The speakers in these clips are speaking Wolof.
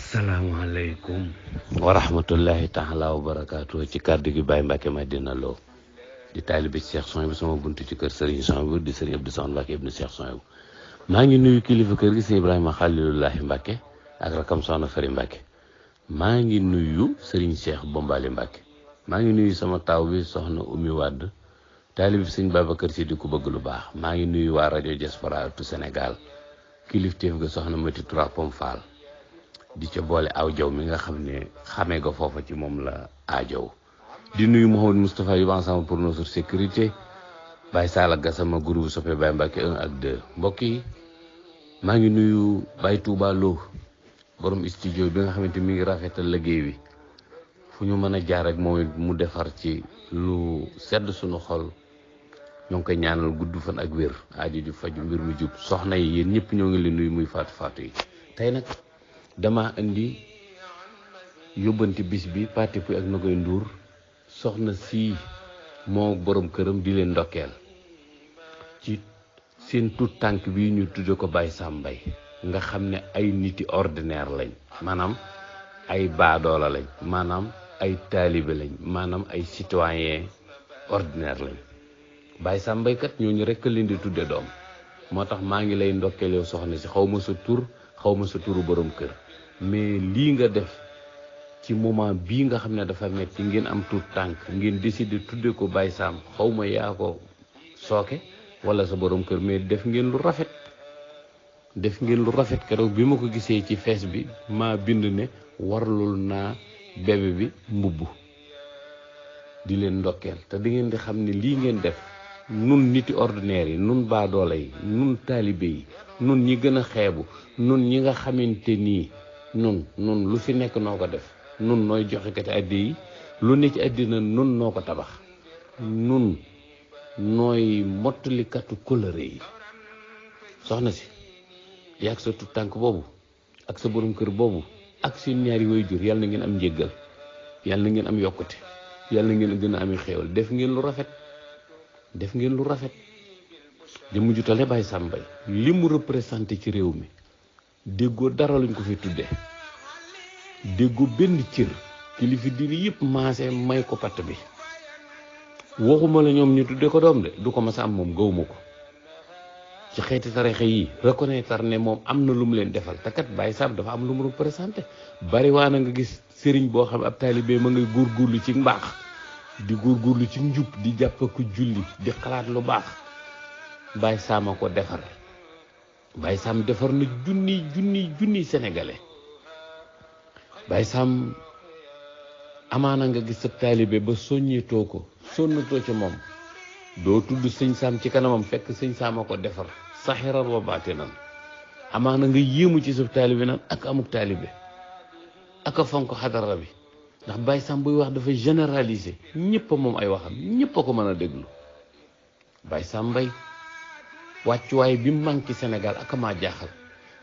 asalaamaaleykum wa rahmatullahi taala wa barakaatu ci kàddu gi Baye Mbacke Madina loo di taalibe ci Cheikh bi sama buntu ci kër Serigne Sohaibou di Serigne Abdou Samad Mbacke ibnu Cheikh Sohaibou maa ngi nuyu kilifa kër gi Serigne Ibrahima Khalilullahi Mbacke ak rakam Soxna Fari Mbacke maa ngi nuyu Serigne Cheikh Bombali Mbacke maa ngi nuyu sama taaw bi Soxna Oumy Wade taalibe bi Serigne Babacar Si di ku bëgg lu baax maa ngi nuyu waa rajo Diaspora tu Sénégal kilifteef ga Soxna Mati Trois Pommes di ca boole aw jaw mi nga xam ne xamee ko foofa ci moom la aajow di nuyu Mouhamed Moustapha Yob ensemble pour notre sécurité Baye Sala Gassama groupe soppe Baye Mbacke 1 ak 2 mbokk yi maa ngi nuyu Baye Touba Lo borom studio bi nga xamante mi ngi rafetal liggéey bi fu ñu mën a jaar rek moom mu defar ci lu sedd suñu xol ñoo ngi koy ñaanal gudd fan ak wér aajo ju faju mbir mu jub soxna yi yéen ñëpp ñoo ngi leen nuyu muy faatu faatu yi dama andi yobanti bis bi parti puy ak nagoy Ndour soxna si mo borom këram di len ndokkeel ci seen tout tank bi ñu tudde ko Baye Sambay nga xam ay niti ordinaire lañ manam ay la lañ manam ay talib lañ manam ay citoyen ordinaire lañ Baye Sambay kat ñu rek lindi di tudde doom moo tax ngi lay ndokkeel yow soxna si xawma sa tur xaw ma sa turu boroom kër mais lii nga def ci moment bii nga xam ne dafa metti ngeen am tur tànk ngeen décider tudde ko Baye Sam xaw ma yaa ko sooke wala sa boroom kër mais def ngeen lu rafet def ngeen lu rafet keroog bi ma ko gisee ci fees bi maa bind ne warlul naa bébé bi mbubb di leen ndokkeel te di ngeen di xam ne lii ngeen def nun niti ordinaire yi nun baadoole yi nun taalibe yi nun ñi gën a xeebu nun ñi nga xamante nii nun nun lu fi nekk noo ko def nun nooy joxe ko ci yi lu ne ci àddina nun noo ko tabax nun nooy mottalikatu kóllëre yi soxna si yàgg sa tut tànk boobu ak sa borom kër boobu ak seen ñaari waajur yàlla na ngeen am njéggal yàlla na ngeen am yokkute yàlla na ngeen gën a amee xéewal def ngeen lu rafet def ngeen lu rafet di mu tale bay sambay limu representer ci rew mi deggo dara luñ ko fi tuddé deggo benn cër kilifi diini yépp maase may ko pat bi waxuma la ñom ñu tuddé ko dom dé du ko mas a am moom ci xéeti tarexé yi reconnaître né mom amna lu mu leen défal te kat Sam dafa am lu mu représenté bari waana nga gis sëriñ bo xam ab talibé ma ngay ci mbax di góorgóorlu ci njub di jàpp ak julli di xalaat lu baax Baye Sam a ko defar Baye Sam defar na junni junni junni sénégalais Baye Sam amaana nga gis sa taalibe ba soññeetoo ko sonnatoo ci moom doo tudd sëñ Sam ci kanamam fekk sëñ saam a ko defar saxiran wa baatinan amaana nga yéemu ci sa taalibe nag ak amuk taalibe ak a fonk xadara bi ndax Baye Sam buy wax dafa généraliser ñëpp moom ay waxam ñëpp a ko mën a déglu Baye Sam Mbaye wàccuwaay bi mu manqué Sénégal ak maa jaaxal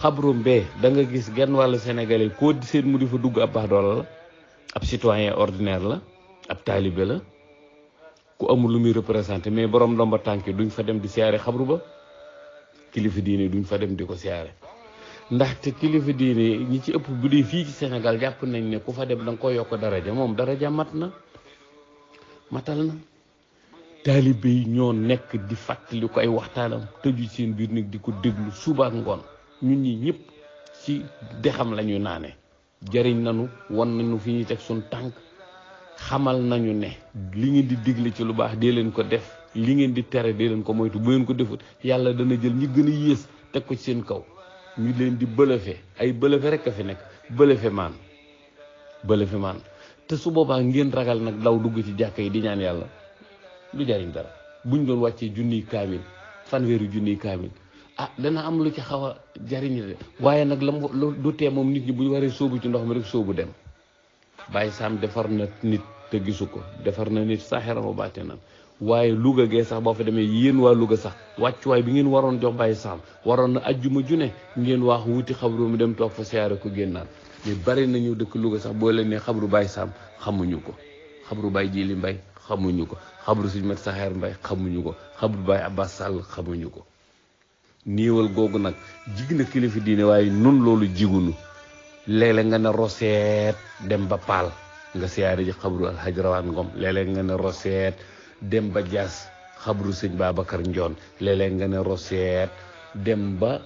xabru mbee da nga gis genn wàllu sénégalais koo di mu di fa dugg ab baadoolo la ab citoyen ordinaire la ab taalibe la ku amul lu muy représenté mais borom ndomba tànk duñ fa dem di siyaare xabru ba kilifa diine duñ fa dem di ko siyaare ndaxte kilifa diine ñi ci ëpp bu dee fii ci senegal jàpp nañ ne ku fa dem da nga ko yokk daraja moom daraja mat na matal na taalibe ñoo nekk di fàttali ko ay waxtaanam tëju seen biir nag di ko déglu suba ak ngoon ñun ñi ñëpp ci dexam la ñu naane jëriñ nañu wan nañu fi ñuy teg suñ tànk xamal nañu ne li ngeen di digle ci lu baax dee leen ko def li ngeen di tere dee leen ko moytu bu ngeen ko defut yàlla dana jël ñi gën a yées teg ko ci seen kaw ñu leen di bëlëfe ay bëlëfe rek a fi nekk bëlëfe maan bëlëfe maan te su boobaa ngeen ragal nag daw dugg ci jàkk yi di ñaan yàlla lu jariñ dara ñu doon wàccee junniy kaamil fanweeri junniy kaamil ah dana am lu ci xaw a jariñ de waaye nag la mu tee moom nit ñi bu ñu waree sóobu ci ndox mi rek sóobu dem Baye Sam defar na nit te gisu ko defar na nit saaxiram wa baatinam waaye Louga gee sax boo fa demee yéen waa luga sax wàccuwaay bi ngeen waroon jox bàyyi Sam waroon na ajjuma june ngeen wax wuti xabru mu dem toog fa siyaare ko génnaat mais bari nañu dëkk Louga sax boo leen ne xabru Baye xamuñu ko xabru Baye Jili Mbay xamuñu ko xabru suñu mat saxeer Mbay xamuñu ko xabru Baye Abbas Sall xamuñu ko niiwal googu nag jig na kilifa diine waaye nun loolu jigunu léeg-léeg nga ne roseet dem ba paal nga siyaare ji xabru alxaj rawaan ngom léeg-léeg nga ne roseet dem ba jaas xabru sëñ Babacar Njoon léeg-léeg nga ne Roseet dem ba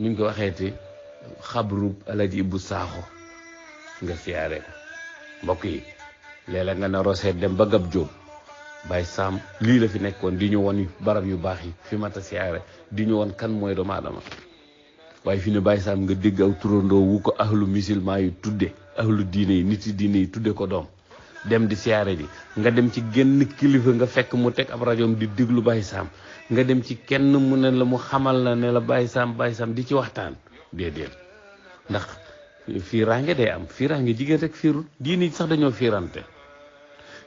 nuñ ko waxeeti xabru Alaji Ibu Saaxo nga siyaare ko mbokk yi léeg-léeg nga ne Roseet dem ba Gab Jóob baay Sam lii la fi nekkoon di ñu won barab yu baax yi fi mat a siyaare di ñu won kan mooy doomu aadama waaye fi ne baay Sam nga dégg aw turandoo wu ko ahlu musulman yi tudde ahlu diine yi nit yi diine yi tudde ko doom dem di siyaare ji nga dem ci génn kilifa nga fekk mu teg ab rajoom di diglu Baye Sam nga dem ci kenn mu ne la mu xamal la ne la bàyyi Sam Baye Sam di ci waxtaan déedéet ndax fiiraange day am fiiraange jigéen rek fiirut diini sax dañoo fiirante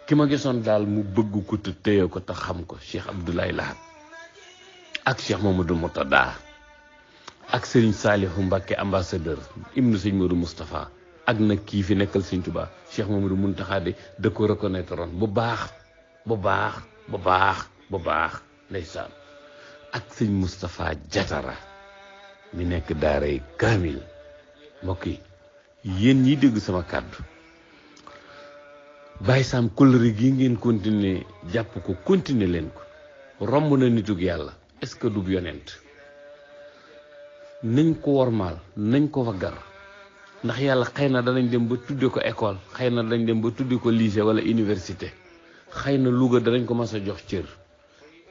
ki ma gisoon daal mu bëgg ko te ko te xam ko Cheikh Abdoulaye Lahad ak Cheikh Mamadou Moutada ak Serigne Salihu Mbacke ambassadeur ibnu Serigne Modou Moustapha ak na ki fi nekkal sëñ Touba Cheikh Mamadou Muntaxa de de ko reconnaître ron bu baax bu baax bu baax bu baax ndaysan ak sëñ Mustapha Jatara mi nekk daaray kamil mbokk yi yéen ñiy dégg sama kàddu bàyyi saam kóllëre gi ngeen continuer jàpp ko continuer leen ko romb na nitug yàlla est-ce que du yonent nañ ko wormaal nañ ko waggar ndax yàlla xëy na danañ dem ba tudde ko école xëy na danañ dem ba tudde ko lycée wala université xëy na Louga danañ ko mas a jox cër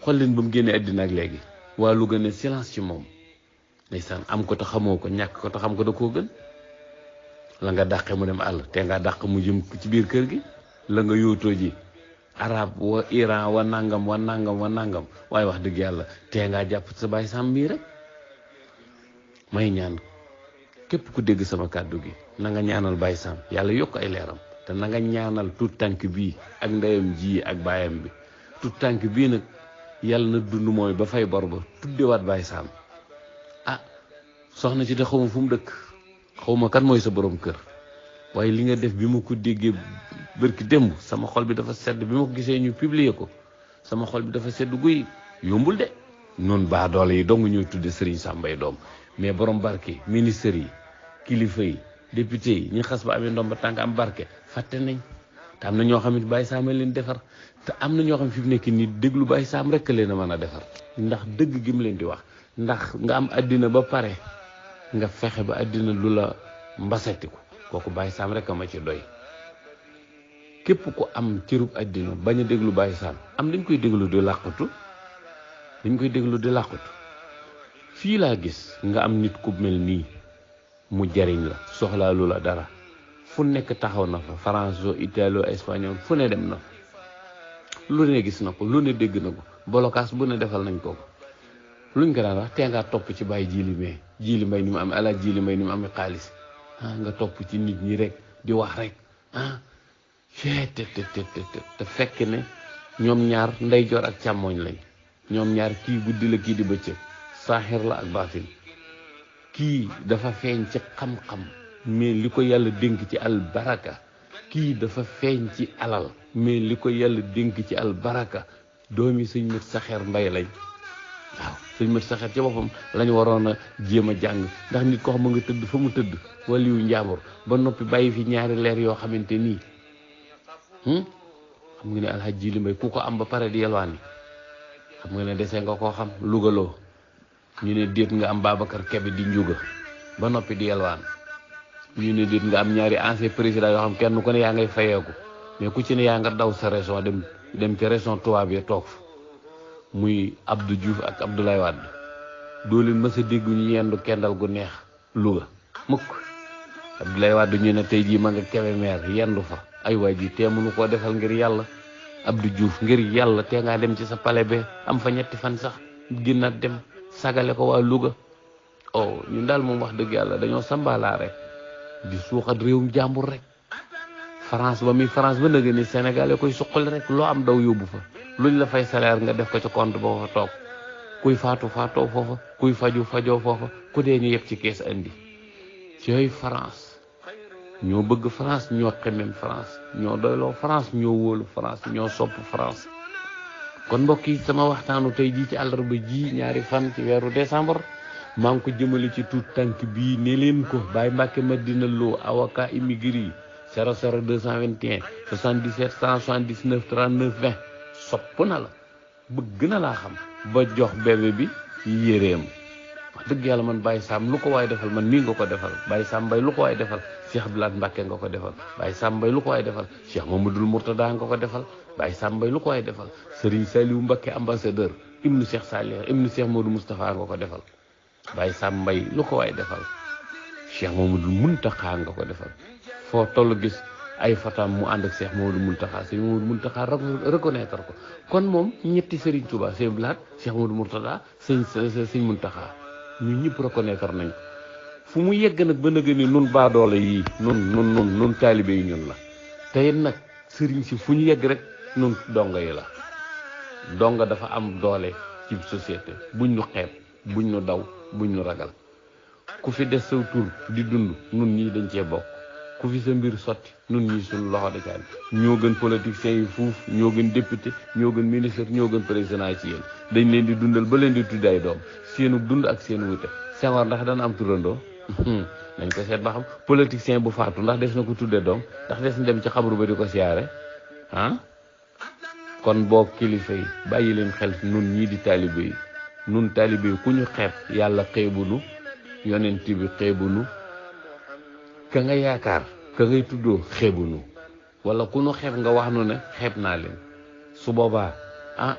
xool leen ba mu génnee àddina ak léegi waa Louga ne silence ci moom ndeysaan am ko te xamoo ko ñàkk ko te xam ko da koo gën la nga dàqe mu dem àll te nga dàq mu jëm ci biir kër gi la nga yootoo ji arab wa iran wa nangam wa nangam wa nangam waaye wax dëgg yàlla te nga jàpp sa bàyyi sàmm bii rek may ñaan képp ku dégg sama kàddu gi na nga ñaanal Baye Sam yàlla yokk ay leeram te na nga ñaanal tout tànk bii ak ndeyam jii ak baayam bi tout tànk bii nag yàlla na dund mooy ba fay bor ba tuddewaat Baye Sam ah soxna si de xaw ma fu mu dëkk xawma ma kan mooy sa boroom kër waaye li nga def bi ma ko déggee bërki démb sama xol bi dafa sedd bi ma ko gisee ñu piblier ko sama xol bi dafa sedd guy yombul de noonu baa doole yi dong ñooy tudde Serigne Sam Mbaye doom mais borom barke ministère yi kilifa yi député yi ñi xass ba amé ndomba tank am barke faté nañ te am na ñoo xam ne bàyyi leen défar té am na ñoo xam fi nekk ni déglu baye sam rek leena a défar ndax dëgg gi mu leen di wax ndax nga am adina ba pare nga fexé ba adina lula mbassati ko koku baye sam rek ma ci doy képp ku am cërub adina bañ déglu baye sam am liñ koy déglu di laqatu liñ koy déglu di laqatu fi la gis nga am nit ku mel ni mu jariñ la soxlaalu la dara fu nek taxaw na fa italo espagnol fu ne dem na lu ne gis na ko lu ne deg na ko bu ne defal nañ ko ko luñ ko daan wax tee ci jili me jili may ni mu am ala jilime may ni mu am xaalis ah nga top ci nit ñi rek di wax rek ah te te te te te fekk ne ñom ñaar jor ak chamoy lañ ñom ñaar ki guddi la di saaxir la ak baatin kii dafa feeñ ci xam-xam mais li ko yàlla dénk ci albaraka kii dafa feeñ ci alal mais li ko yàlla dénk ci albaraka doomi sëñ mat saxeer mbay lañ waaw sëñ mat saxeer ci boppam lañu waroon a jéem a jàng ndax nit ko xam nga tëdd fa mu tëdd waliyu njaambur ba noppi bàyyi fi ñaari leer yoo xamante nii hmm? xam nga ne alxaj ji li mbay ku ko am ba pare di yelwaan yi xam nga ne dese nga koo xam lugaloo ñu ne déet nga am babacar kebe di njuga ba noppi di yelwaan ñu ne déet nga am ñaari ancien président yoo xam kenn ku ne yaa ngay fayeeku mais ku ci ne yaa nga daw sa région dem dem ci région tubaab ya bi toog fa muy abdou diouf ak abdoulaye wadd doo leen mësa dégg ñu yendu kendal gu neex luga mukk abdoulaye wadd ñu ne tey jii ma nga kebe meer yendu fa ay waay ji tee mënu koo defal ngir yàlla abdou diouf ngir yàlla te nga dem ci sa palais be am fa ñetti fan sax ginnaat dem sagale ko waa Louga oh ñun daal moom wax dëgg yàlla dañoo sambalaa rek di suuxat réewum jàmbur rek France ba muy France ba nëgë ni Sénégal koy suqali rek loo am daw yóbbu fa luñ la fay salaire nga def ko ci compte ba fa toog kuy faatu faatoo foofa kuy faju fajoo foofa ku dee ñu yëpp ci kees andi ci yooyu France ñoo bëgg France ñoo xemem France ñoo doyloo France ñoo wóolu France ñoo sopp France kon mbokk yi sama waxtaanu tey di ci àllarba ji ñaari fan ci weeru décembre maa ngi ko jëmale ci tuut tànk bii ne leen ko bàyyi mbàkke madina loo awaka immigré yi 00 221 77 179 39 20 sopp na la bëgg na laa xam ba jox bébé bi yéréem wax dëgg yàlla man bàyyi saam lu ko waay defal man nii nga ko defal bàyyi saam bay lu ko waay defal cheikh abdoulaye mbacke nga ko defal baye sambay lu ko way defal cheikh mamadou murtada nga ko defal baye sambay lu ko way defal serigne saliou mbacke ambassadeur ibnu cheikh salih ibnu cheikh modou mustapha nga ko defal baye sambay lu ko defal cheikh mamadou muntaka nga ko defal fo tollu gis ay fatam mu and ak cheikh mamadou muntaha cheikh mamadou muntaha reconnaître ko kon mom ñetti serigne touba cheikh blat cheikh mamadou murtada serigne serigne muntaha ñu ñep reconnaître nañ fu mu yegg nag ba nëgë ni nun baadoole yii nun nun nun nun taalibe yi ñun la tey nag sëriñ si fu ñu yegg rek nun dongo yi la donga dafa am doole ci société buñ ñu xeeb buñ ñu daw buñ nu ragal ku fi des saw tur di dund nun ñii dañ cee bokk ku fi sa mbir sotti nun ñii suñu loxo da caan ñoo gën politiciens yi fuuf ñoo gën député ñoo gën ministre ñoo gën président ci yéen dañ leen di dundal ba leen di tudd ay doom seenu dund ak seen wute Senghor ndax dana am Hmm. nañ ko seet ba xam politicien bu faatu ndax des na ko tuddee doom ndax des na dem ci xabru ba di ko siyaare ah kon boo kilifay bàyyi leen xel nun ñii di taalibe yi nun taalibe yi ku ñu xeeb yàlla xeebunu yonent bi xeebunu ka nga yaakaar ka ngay tuddoo xeebunu wala ku nu xeeb nga wax nu ne xeeb naa leen su boobaa ah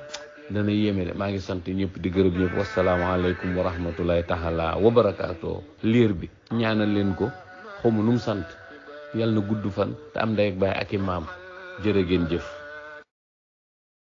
dana yéeme de maa ngi sant ñëpp di gërëm ñëpp wasalaamaaleykum wa rahmatulahi taala wa barakaatoo liir bi ñaanal leen ko xamu nu sant yàlla na gudd fan te am ndey ak baay ak i maam jërë ngeen jëf